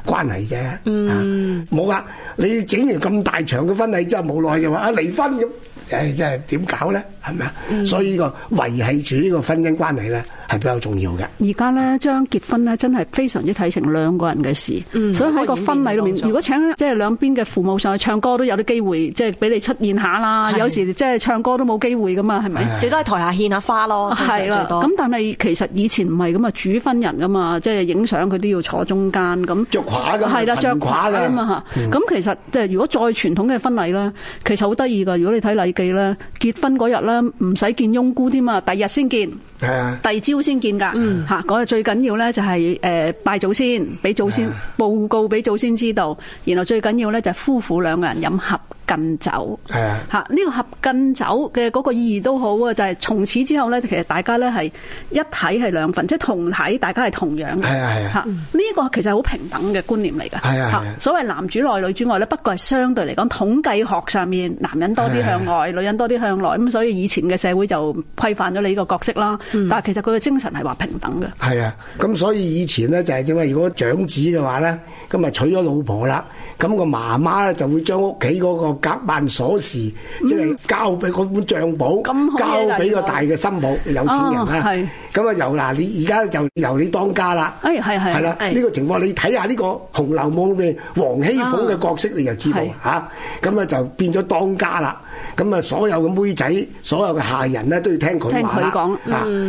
Speaker 3: 關係啫、嗯啊，嗯，冇噶，你整完咁大場嘅婚禮之後，冇耐又話啊離婚咁，誒、哎，即係點搞咧？係咪啊？所以呢個維繫住呢個婚姻關係咧，係比較重要嘅。
Speaker 2: 而家咧，將結婚咧，真係非常之睇成兩個人嘅事。所以喺個婚禮裏面，如果請即係兩邊嘅父母上去唱歌，都有啲機會，即係俾你出現下啦。有時即係唱歌都冇機會噶嘛，係咪？最多喺台下獻下花咯。係啦，咁但係其實以前唔係咁啊，主婚人噶嘛，即係影相佢都要坐中間咁，着褂咁，係啦，着褂噶嘛。咁其實即係如果再傳統嘅婚禮咧，其實好得意噶。如果你睇《禮記》咧，結婚嗰日咧。唔使見翁姑添啊，第日先見，係是啊，第二朝先見噶嗯吓。嗰個最緊要咧就係誒拜祖先，俾祖先報告俾祖先知道。是啊，然後最緊要咧就係夫婦兩個人飲合近酒，係啊，吓呢個合近酒嘅嗰個意義都好啊，就係、是、從此之後咧，其實大家咧係一體係兩份，即係同體大家係同樣嘅，係啊係啊，吓呢、嗯、個其實好平等嘅觀念嚟噶，係啊，是啊，所謂男主內女主外咧，不過係相對嚟講統計學上面男人多啲向外，啊、女人多啲向內，咁所以以前嘅社會就規範咗你呢個角色啦，嗯、但係其實佢嘅精神係話平等嘅，係
Speaker 3: 啊，咁所以以前咧就係點啊？如果長子嘅話咧，咁啊娶咗老婆啦，咁、那個媽媽咧就會將屋企嗰個。夾萬鎖匙，即係交俾嗰本賬簿，交俾個大嘅新抱有錢人啦。咁啊，由嗱你而家就由你當家啦。哎，
Speaker 2: 係係係啦。呢個
Speaker 3: 情況你睇下呢個《紅樓夢》嘅王熙鳳嘅角色，你就知道啊。咁啊，就變咗當家啦。咁啊，所有嘅妹仔，所有嘅下人咧，都要聽佢話佢講。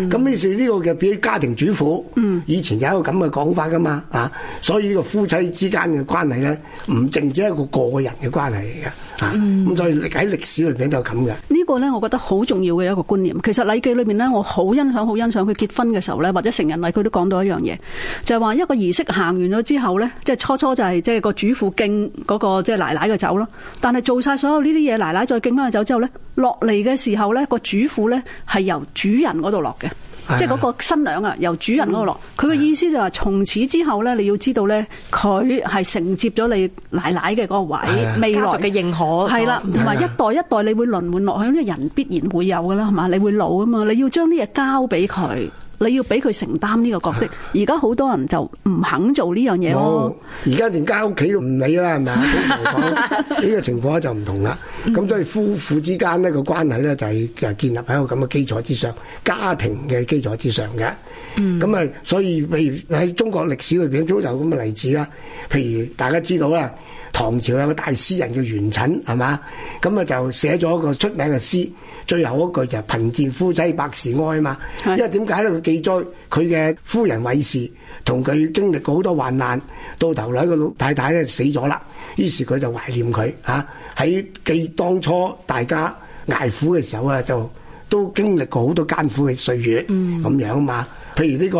Speaker 3: 咁於是呢個嘅，變家庭主婦。嗯。以前有一個咁嘅講法噶嘛啊，所以呢個夫妻之間嘅關係咧，唔淨止係一個個人嘅關係嚟嘅。咁所以喺歷史裏邊都有咁嘅。
Speaker 2: 呢個咧，我覺得好重要嘅一個觀念。其實《禮記》裏邊咧，我好欣賞、好欣賞佢結婚嘅時候咧，或者成人禮，佢都講到一樣嘢，就係話一個儀式行完咗之後咧，即係初初就係即係個主婦敬嗰個即係奶奶嘅酒咯。但係做晒所有呢啲嘢，奶奶再敬翻佢酒之後咧，落嚟嘅時候咧，個主婦咧係由主人嗰度落嘅。即係嗰個新娘啊，由主人嗰度落，佢嘅、嗯、意思就係從此之後咧，你要知道咧，佢係承接咗你奶奶嘅嗰個位，啊、未來家族嘅認可係啦，同埋、啊、一代一代你會輪換落去，因為人必然會有噶啦，係嘛？你會老啊嘛，你要將啲嘢交俾佢。你要俾佢承擔呢個角色，而家好多人就
Speaker 3: 唔肯做呢樣嘢咯。而家、哦、連家屋企都唔理啦，係咪？呢 個情況就唔同啦。咁、嗯、所以夫婦之間呢個關係咧就係建立喺個咁嘅基礎之上，家庭嘅基礎之上嘅。咁啊、嗯，所以譬如喺中國歷史裏面，都有咁嘅例子啦。譬如大家知道啦，唐朝有個大詩人叫元稹，係嘛？咁啊就寫咗個出名嘅詩。最後嗰句就係貧賤夫妻百事哀嘛。因為為什麼？因為點解咧？佢記載佢嘅夫人韋氏同佢經歷過好多患難，到頭嚟個老太太咧死咗啦。於是佢就懷念佢嚇，喺記當初大家捱苦嘅時候啊，就都經歷過好多艱苦嘅歲月咁樣啊嘛。譬如呢個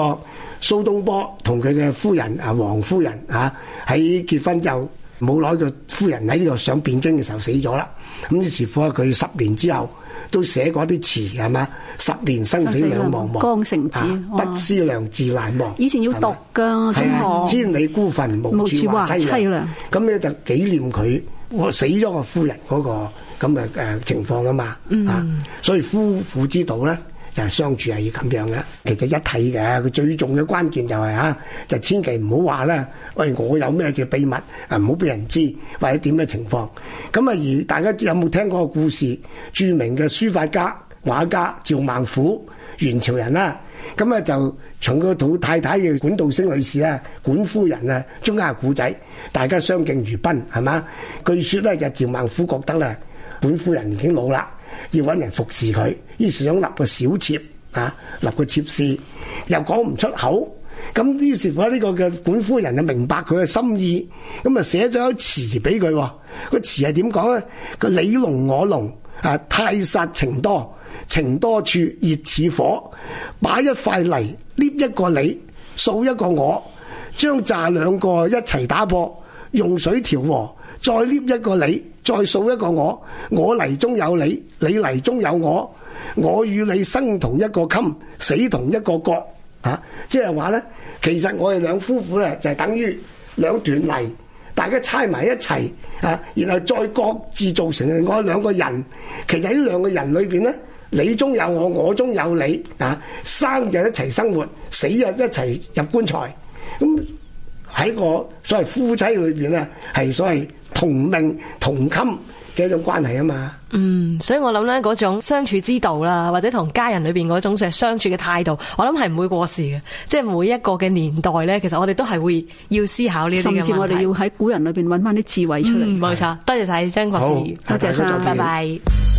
Speaker 3: 蘇東坡同佢嘅夫人啊，王夫人啊，喺結婚就冇耐個夫人喺呢度上汴京嘅時候死咗啦。咁於是乎佢十年之後。都寫過一啲詞係嘛？十年生死兩茫茫，茫茫江城子、啊、不思量，自難忘。以前要讀㗎嗎
Speaker 2: 統、啊，千
Speaker 3: 里孤墳無處話凄涼。咁咧、啊、就紀念佢，我死咗個夫人嗰、那個咁誒誒情況啊嘛嚇。嗯、所以夫婦之道咧，就是相處係要咁樣嘅，其實一睇嘅。佢最重嘅關鍵就係、是、嚇，就千祈唔好話啦。喂，我有咩嘅秘密啊？唔好俾人知，或者點嘅情況。咁啊，而大家有冇聽過個故事？著名嘅書法家、畫家趙孟頫、元朝人啦。咁啊，就從個老太太嘅管道升女士啊，管夫人啊，中間個古仔，大家相敬如賓，係嘛？據說咧，就趙孟頫覺得咧，管夫人已經老啦。要揾人服侍佢，於是想立個小妾嚇，立個妾侍又講唔出口。咁於是乎呢個嘅管夫人就明白佢嘅心意，咁啊寫咗一詞俾佢。個詞係點講咧？佢，你儂我儂啊，太煞情多情多處熱似火，把一塊泥捏一個你，掃一個我，將炸兩個一齊打破，用水調和，再捏一個你。再數一個我，我泥中有你，你泥中有我，我與你生同一個衾，死同一個槨。啊，即係話呢，其實我哋兩夫婦呢，就係、是、等於兩段泥，大家猜埋一齊啊，然後再各自造成嘅我兩個人。其實喺兩個人裏邊呢，你中有我，我中有你啊，生就一齊生活，死又一齊入棺材。咁喺個所謂夫妻裏邊呢，係所謂。同命同襟嘅一種關係啊嘛，嗯，
Speaker 1: 所以我諗咧嗰種相處之道啦，或者同家人裏邊嗰種相處嘅態度，我諗係唔會過時嘅，即係每一個嘅年代咧，其實我哋
Speaker 2: 都係會要思考呢啲問題，甚至我哋要喺古人裏邊搵翻啲智慧出嚟。冇錯、嗯，多謝晒張
Speaker 1: 國士，多謝晒，拜拜。拜拜。